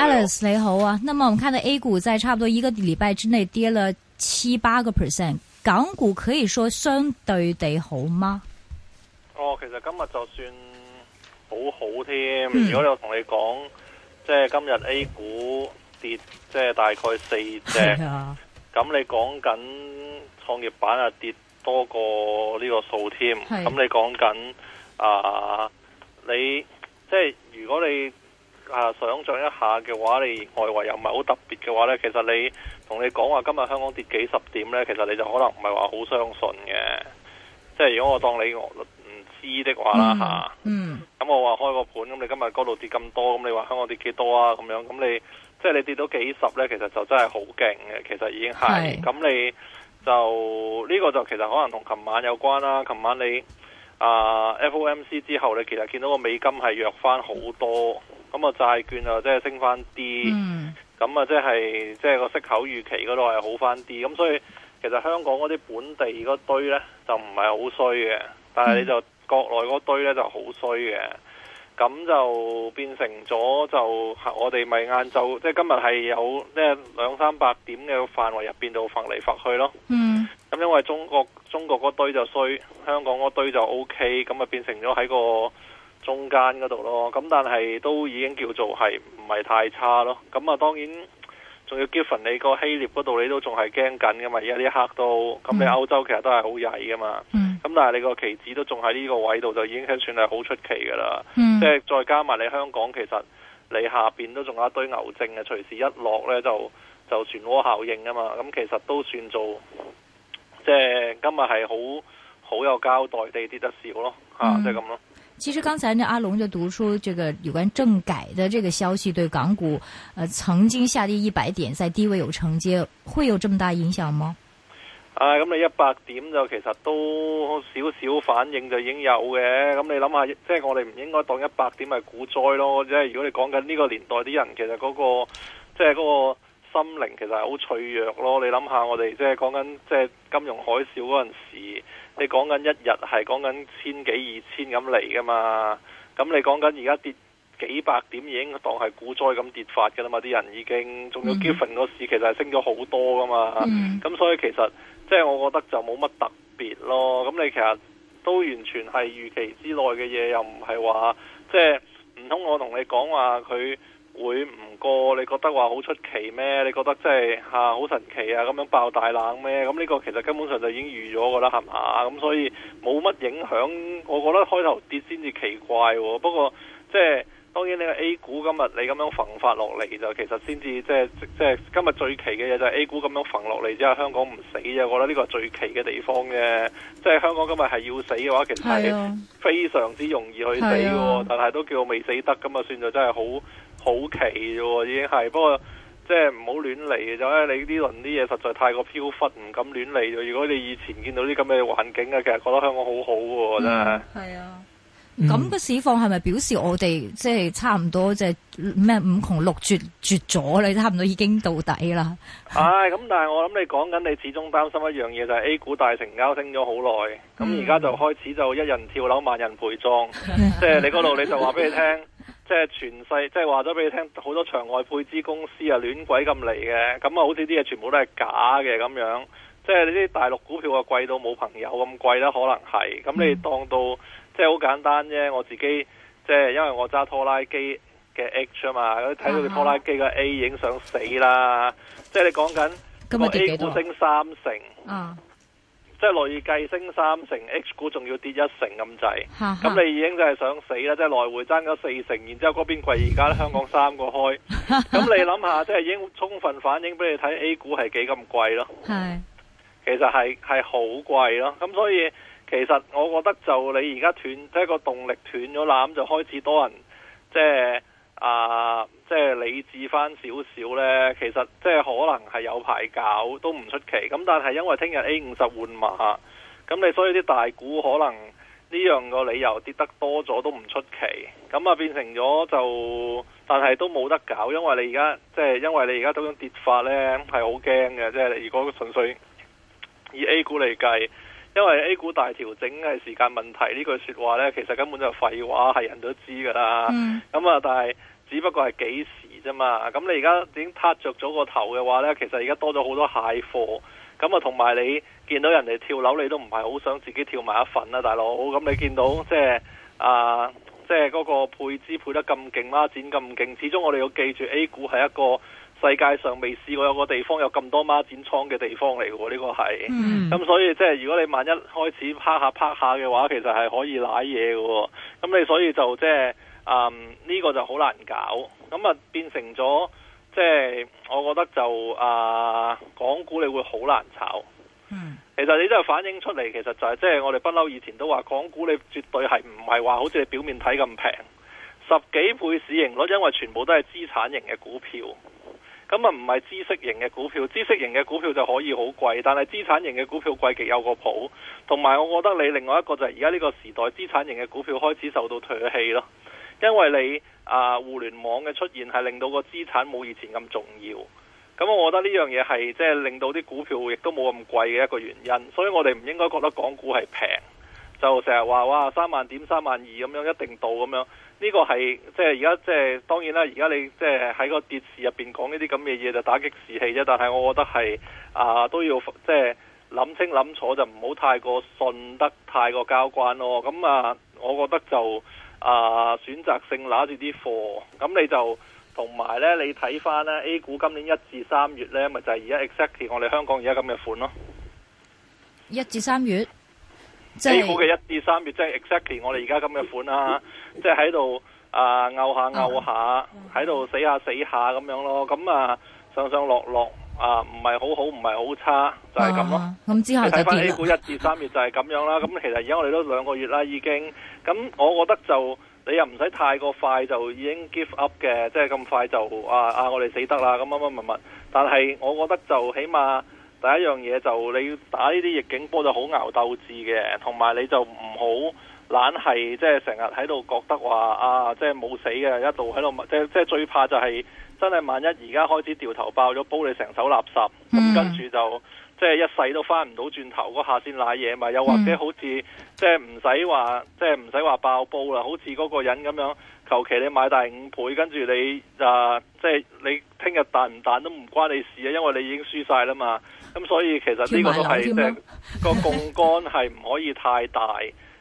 Alice 你好啊，那麼我們看到 A 股在差不多一個禮拜之內跌了七八個 percent，港股可以說相對地好嗎？哦，其實今日就算好好添、嗯，如果我跟你我同你講，即係今日 A 股跌，即係大概四隻，咁、啊、你講緊創業板啊跌多過呢個數添，咁你講緊啊，你即係如果你。啊！想像一下嘅話，你外圍又唔係好特別嘅話呢，其實你同你講話今日香港跌幾十點呢，其實你就可能唔係話好相信嘅。即係如果我當你唔知的話啦吓，嗯，咁、嗯啊、我話開個盤，咁你今日嗰度跌咁多，咁你話香港跌幾多啊？咁樣咁你即係你跌到幾十呢，其實就真係好勁嘅。其實已經係咁，是你就呢、呢個就其實可能同琴晚有關啦。琴晚你。啊、uh，FOMC 之後咧，你其實見到個美金係弱翻好多，咁啊債券啊即係升翻啲，咁啊即係即係個息口預期嗰度係好翻啲，咁所以其實香港嗰啲本地嗰堆咧就唔係好衰嘅，但係你就、嗯、國內嗰堆咧就好衰嘅，咁就變成咗就我哋咪晏晝，即係今日係有即係兩三百點嘅範圍入邊度浮嚟浮去咯。嗯咁、嗯、因為中國中國嗰堆就衰，香港嗰堆就 OK，咁啊變成咗喺個中間嗰度咯。咁但係都已經叫做係唔係太差咯。咁、嗯、啊，當然仲要 given 你個希臘嗰度，你都仲係驚緊噶嘛。而家呢一刻都咁你歐洲其實都係好曳噶嘛。咁但係你個旗子都仲喺呢個位度，就已經算係好出奇噶啦、嗯。即係再加埋你香港，其實你下邊都仲有一堆牛證嘅，隨時一落呢就，就就漩渦效應啊嘛。咁其實都算做。嗯即係今日係好好有交代地跌得少咯，吓即係咁咯。其實剛才呢，阿龍就讀出這個有關政改嘅這個消息，對港股，呃，曾經下跌一百點，在低位有承接，會有這麼大影響嗎？啊，咁你一百點就其實都少少反應就已經有嘅。咁，嗯，你諗下，即係我哋唔應該當一百點係股災咯。即係如果你講緊呢個年代啲人，其實嗰個即係嗰個。心靈其實係好脆弱咯，你諗下我哋即係講緊即係金融海嘯嗰陣時，你講緊一日係講緊千幾二千咁嚟噶嘛，咁你講緊而家跌幾百點已經當係股災咁跌法噶啦嘛，啲人已經，仲有 Giffen 個市其實係升咗好多噶嘛，咁、mm -hmm. 所以其實即係、即係、我覺得就冇乜特別咯，咁你其實都完全係預期之內嘅嘢，又唔係話即係唔通我同你講話佢。會唔過？你覺得話好出奇咩？你覺得即係吓好神奇啊？咁樣爆大冷咩？咁呢個其實根本上就已經預咗噶啦，係嘛？咁所以冇乜影響。我覺得開頭跌先至奇怪、哦。不過即係、即係、當然呢個 A 股今日你咁樣焚發落嚟就其實先至即係即係今日最奇嘅嘢就係 A 股咁樣焚落嚟之後香港唔死啫。我覺得呢個係最奇嘅地方嘅，即係香港今日係要死嘅話，其實係非常之容易去死喎、哦啊啊。但係都叫未死得，咁啊，算就真係好。好奇啫，已經係，不過即係唔好亂嚟嘅啫。你呢輪啲嘢實在太過飄忽，唔敢亂嚟。如果你以前見到啲咁嘅環境啊，其實覺得香港好好喎、嗯，真係。係啊，咁、嗯、嘅、那個、市況係咪表示我哋即係差唔多即係咩五窮六絕絕咗你差唔多已經到底啦？唉、哎，咁但係我諗你講緊，你始終擔心一樣嘢就係、是、A 股大成交升咗好耐，咁而家就開始就一人跳樓，萬人陪葬。 即係你嗰度，你，你就話俾你聽。 即係全世，即係話咗俾你聽，好多場外配資公司啊，亂鬼咁嚟嘅，咁啊，好似啲嘢全部都係假嘅咁樣。即係你啲大陸股票啊，貴到冇朋友咁貴啦，可能係。咁你當到、嗯、即係好簡單啫。我自己即係因為我揸拖拉機嘅 H 啊嘛，睇到佢拖拉機嘅 A 影想死啦、啊啊。即係你講緊今日 A 股升三成。啊即係累計升三成，H 股仲要跌一成咁滯，咁 你已經就係想死啦！即係來回爭咗四成，然之後嗰邊貴，而家香港三個開，咁 你諗下，即係已經充分反映俾你睇 A 股係幾咁貴咯。 其實係係好貴咯。咁所以其實我覺得就你而家斷，即係個動力斷咗纜，就開始多人即係。就是啊，即係理智翻少少咧，其實即係可能係有排搞都唔出奇，咁但係因為聽日 A 五十換馬，咁你所以啲大股可能呢樣個理由跌得多咗都唔出奇，咁啊變成咗就，但係都冇得搞，因為你而家即係因為你而家嗰種跌法咧係好驚嘅，即係如果純粹以 A 股嚟計。因為 A 股大調整係時間問題，呢句說話呢，其實根本就廢話，係人都知噶啦。咁、mm. 啊、嗯，但係只不過係幾時啫嘛。咁、嗯、你而家已經撻着咗個頭嘅話呢，其實而家多咗好多蟹貨。咁、嗯、啊，同埋你見到人哋跳樓，你都唔係好想自己跳埋一份啊，大佬。咁、嗯嗯、你見到即係啊，即係嗰、那個配資配得咁勁啦，展咁勁，始終我哋要記住 A 股係一個。世界上未試過有個地方有咁多孖展倉嘅地方嚟嘅喎，呢、呢個係。咁、mm. 所以即係如果你萬一開始拍下拍下嘅話，其實係可以攋嘢嘅喎。咁你所以就即係呢個就好難搞。咁啊變成咗即係我覺得就啊港股你會好難炒。Mm. 其實你都係反映出嚟，其實就係即係我哋不嬲以前都話，港股你絕對係唔係話好似你表面睇咁平，十幾倍市盈率，因為全部都係資產型嘅股票。咁啊，唔係知識型嘅股票，知識型嘅股票就可以好貴，但係資產型嘅股票貴極有個譜。同埋我覺得你另外一個就係而家呢個時代資產型嘅股票開始受到唾棄咯，因為你啊互聯網嘅出現係令到個資產冇以前咁重要，咁我覺得呢樣嘢係即係令到啲股票亦都冇咁貴嘅一個原因，所以我哋唔應該覺得港股係平，就成日話哇三萬點三萬二咁樣一定到咁樣。呢個係即係而家即係當然啦！而家你即係喺個跌市入邊講呢啲咁嘅嘢，就打擊士氣啫。但係我覺得係啊，都要即係諗清諗楚，就唔好太過信得，太過交關咯。咁啊，我覺得就啊，選擇性揦住啲貨。咁你就同埋咧，你睇翻咧 A 股今年一至三月咧，咪就係而家 exactly 我哋香港而家咁嘅款咯。一至三月。就是、A 股嘅一至三月即係、就是、exactly 我哋而家咁嘅款啦，即係喺度啊拗下拗下，喺、呃、度、uh, uh, 死下死下咁樣咯。咁、嗯、啊上上落落啊，唔係好好，唔係好差，就係、是、咁咯。咁之後你睇翻 A 股一至三月就係咁樣啦。咁、uh, 其實而家我哋都兩個月啦，已經。咁、嗯、我覺得就你又唔使太過快就已經 give up 嘅，即係咁快就啊啊我哋死得啦咁乜乜乜乜，但係我覺得就起碼。第一樣嘢就你打呢啲逆境波就好熬鬥志嘅，同埋你就唔好懶係，即係成日喺度覺得話啊，即係冇死嘅，一度喺度即係最怕就係、是、真係萬一而家開始掉頭爆咗煲，你成手垃圾，咁、mm. 跟住就即係一世都翻唔到轉頭嗰下先瀨嘢嘛。又或者好似即係唔使話，即係唔使話爆煲啦，好似嗰個人咁樣，求其你買大五倍，跟住你啊，即係你聽日彈唔彈都唔關你事啊，因為你已經輸晒啦嘛。咁、嗯、所以其實呢個都係即係個槓桿係唔可以太大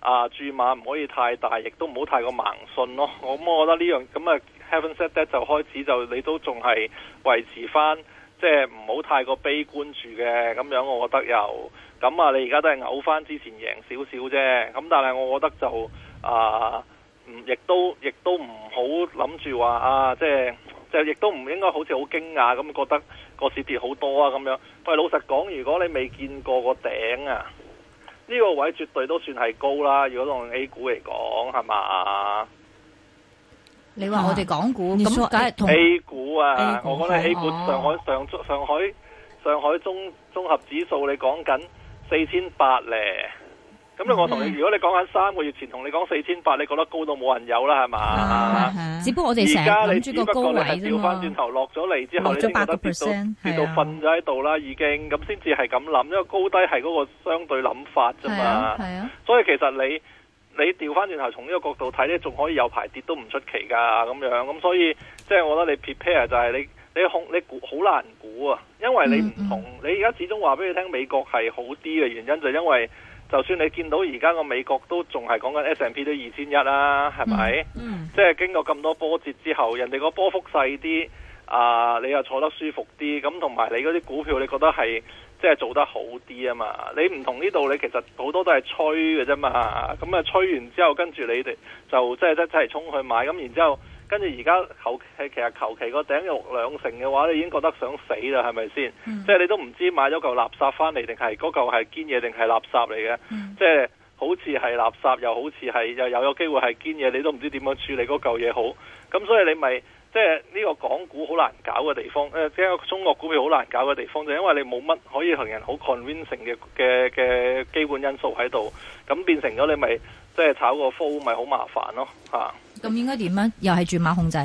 啊，注碼唔可以太大，亦、啊、都唔好太過盲信咯。咁我覺得呢樣咁啊，Heaven said that 就開始就你都仲係維持翻，即係唔好太過悲觀住嘅咁樣。我覺得又咁、嗯、啊，你而家都係嘔翻之前贏少少啫。咁但係我覺得就啊，唔亦都亦都唔好諗住話啊，即、就、係、是。就亦都唔應該好似好驚訝咁，覺得個市跌好多啊咁樣。喂，老實講，如果你未見過個頂啊，呢個位絕對都算係高啦。如果當 A 股嚟講，係嘛？你話我哋港股咁，梗係同 A 股啊！我覺得 A 股、啊，上海上上海上海綜綜合指數，你講緊四千八咧。咁我同你如果你講緊三個月前同你講四千八，你覺得高到冇人有啦，係嘛、啊？只不過我哋成而家你只不過係掉翻轉頭落咗嚟之後，你先覺得跌到瞓咗喺度啦，已經咁先至係咁諗，因為高低係嗰個相對諗法啫嘛、啊啊。啊，所以其實你你調翻轉頭從呢個角度睇咧，仲可以有排跌都唔出奇噶咁樣。咁所以即係、就是、我覺得你 prepare 就係你你好你好難估啊，因為你唔同、嗯嗯、你而家始終話俾你聽，美國係好啲嘅原因就因為。就算你見到而家個美國都仲係講緊 S&P 都二千一啦，係咪？嗯，即、嗯、係、就是、經過咁多波折之後，人哋個波幅細啲，啊，你又坐得舒服啲，咁同埋你嗰啲股票你覺得係即係做得好啲啊嘛？你唔同呢度，你其實好多都係吹嘅啫嘛。咁啊，吹完之後跟住你哋就即係一齊衝去買，咁、嗯、然之後。跟住而家求其，其實求其個頂入兩成嘅話，你已經覺得想死啦，係咪先？Mm. 即係你都唔知買咗嚿垃圾翻嚟，定係嗰嚿係堅嘢，定係垃圾嚟嘅？Mm. 即係好似係垃圾，又好似係又有機會係堅嘢，你都唔知點樣處理嗰嚿嘢好。咁所以你咪即係呢個港股好難搞嘅地方，即係中國股票好難搞嘅地方，就因為你冇乜可以行人好 convincing 嘅嘅嘅基本因素喺度，咁變成咗你咪即係炒個 fool 咪好麻煩咯，嚇。咁應該點咧？又係注碼控制？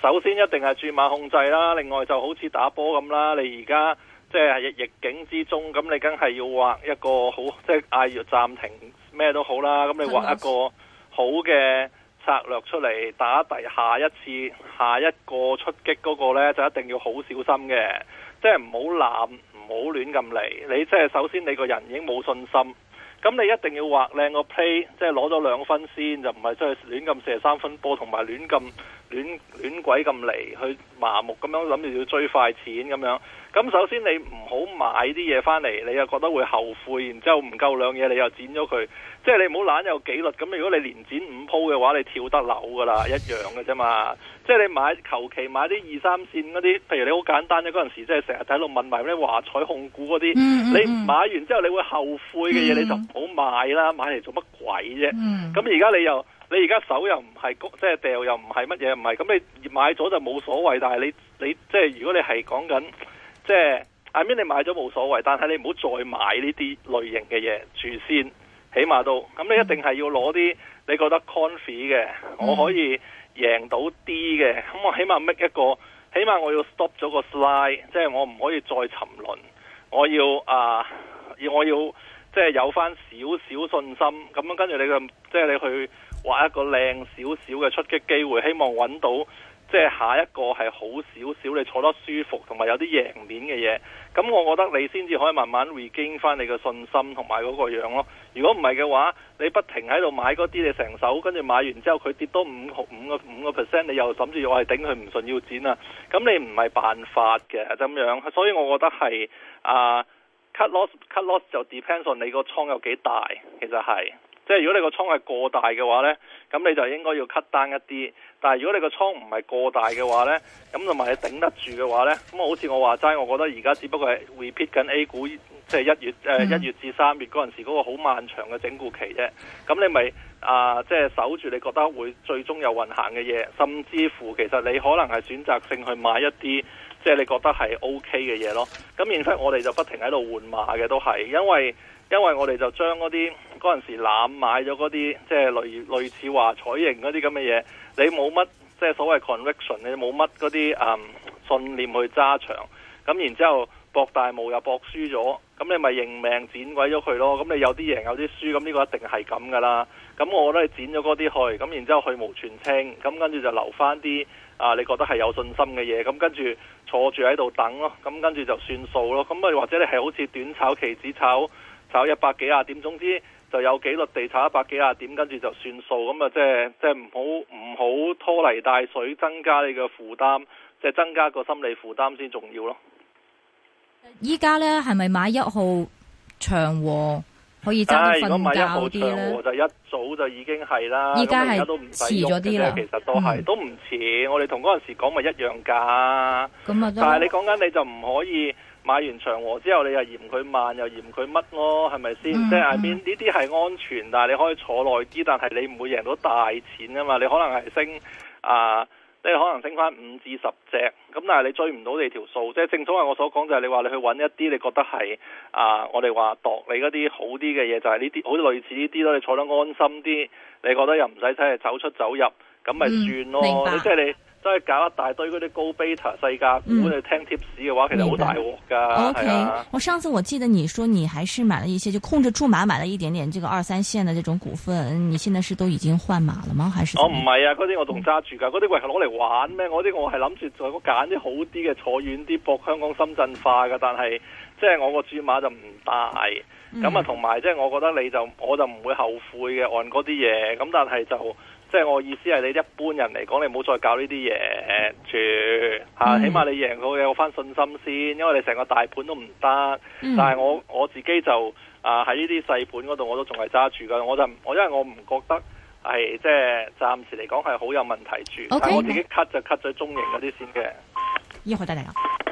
首先一定係注碼控制啦，另外就好似打波咁啦。你而家即係逆境之中，咁你梗係要畫一個好，即係嗌要暫停，咩都好啦。咁你畫一個好嘅策略出嚟打第下一次、下一個出擊嗰個呢，就一定要好小心嘅，即係唔好濫，唔好亂咁嚟。你即係首先你個人已經冇信心。咁你一定要畫靚個 play，即係攞咗兩分先，就唔係出去亂咁射三分波同埋亂咁。亂亂鬼咁嚟，去麻木咁樣諗住要追快錢咁樣。咁首先你唔好買啲嘢返嚟，你又覺得會後悔，然之後唔夠兩嘢你又剪咗佢。即係你唔好懶有紀律。咁如果你連剪五鋪嘅話，你跳得樓噶啦，一樣嘅啫嘛。即係你買求其買啲二三線嗰啲，譬如你好簡單咧，嗰陣時即係成日喺度問埋咩華彩控股嗰啲，你買完之後你會後悔嘅嘢，你就唔好買啦，買嚟做乜鬼啫？咁而家你又。你而家手又唔係即係掉又唔係乜嘢，唔係咁你買咗就冇所謂。但係你你即係、即係、如果你係講緊即係，I mean，你買咗冇所謂，但係你唔好再買呢啲類型嘅嘢住先，起碼都咁你一定係要攞啲你覺得 confident 嘅，我可以贏到啲嘅。咁我起碼 make 一個，起碼我要 stop 咗個 slide，即係我唔可以再沉淪。我要啊，uh, 我要。即係有翻少少信心，咁樣跟住你嘅，即係你去玩一個靚少少嘅出擊機會，希望揾到即係下一個係好少少，你坐得舒服同埋有啲贏面嘅嘢。咁我覺得你先至可以慢慢 regain 翻你嘅信心同埋嗰個樣咯。如果唔係嘅話，你不停喺度買嗰啲，你成手跟住買完之後，佢跌多五五個五個 percent，你又諗住我係頂佢唔順要剪啦。咁你唔係辦法嘅咁樣，所以我覺得係啊。cut loss cut loss 就 depends on 你個倉有幾大，其實係，即係如果你個倉係過大嘅話呢，咁你就應該要 cut 單一啲。但係如果你個倉唔係過大嘅話呢，咁同埋你頂得住嘅話呢。咁好似我話齋，我覺得而家只不過係 repeat 緊 A 股，即係一月、嗯、一月至三月嗰陣時嗰個好漫長嘅整固期啫。咁你咪啊，即係守住你覺得會最終有運行嘅嘢，甚至乎其實你可能係選擇性去買一啲。即係你覺得係 OK 嘅嘢咯，咁然之後我哋就不停喺度換馬嘅都係，因為因為我哋就將嗰啲嗰陣時攬買咗嗰啲即係類類似話彩型嗰啲咁嘅嘢，你冇乜即係所謂 conviction 你冇乜嗰啲嗯信念去揸場，咁然之後博大霧又博輸咗，咁你咪認命剪鬼咗佢咯，咁你有啲贏有啲輸，咁呢個一定係咁噶啦，咁我覺得你剪咗嗰啲去，咁然之後去無全清，咁跟住就留翻啲。啊！你覺得係有信心嘅嘢，咁、嗯、跟住坐住喺度等咯，咁、嗯、跟住就算數咯。咁、嗯、啊，或者你係好似短炒期指炒，炒一百幾廿點，總之就有紀律地炒一百幾廿點，跟住就算數。咁、嗯、啊，即係即係唔好唔好拖泥帶水，增加你嘅負擔，即係增加個心理負擔先重要咯。依家呢係咪買一號長和？可以爭啲瞓覺啲啦。如果買一號長和就一早就已經係啦。而家係遲咗啲啦，其實都係、嗯、都唔似。我哋同嗰陣時講咪一樣㗎、嗯。但係你講緊你就唔可以買完長和之後，你又嫌佢慢，又嫌佢乜咯？係咪先？即係邊呢啲係安全，但係你可以坐耐啲，但係你唔會贏到大錢啊嘛。你可能係升啊。即係可能升翻五至十隻，咁但係你追唔到你條數，即係正所謂我所講就係你話你去揾一啲你覺得係啊，我哋話度你嗰啲好啲嘅嘢，就係呢啲好類似呢啲咯，你坐得安心啲，你覺得又唔使睇係走出走入，咁咪算咯，即、嗯、係你，你。都係搞一大堆嗰啲高 beta 世界股，如果你聽貼士嘅話，其實好大鑊噶。嗯、o、okay, K，我上次我記得你說你還是買了一些，就控制住碼買了一點點，這個二三線的這種股份。你現在是都已經換碼了嗎？還是？哦唔係啊，嗰啲我仲揸住噶，嗰啲為係攞嚟玩咩？嗰啲我係諗住再揀啲好啲嘅，坐遠啲博香港深圳化嘅。但係即係我個注碼就唔大，咁啊同埋即係我覺得你就我就唔會後悔嘅按嗰啲嘢，咁但係就。即係我意思係，你一般人嚟講，你唔好再搞呢啲嘢住，吓、啊嗯、起碼你贏佢有翻信心先。因為你成個大盤都唔得、嗯，但係我我自己就啊喺呢啲細盤嗰度，我都仲係揸住噶。我就是、我因為我唔覺得係即係暫時嚟講係好有問題住，okay, 但係我自己 cut 就 cut 咗中型嗰啲先嘅。依好得嚟啊！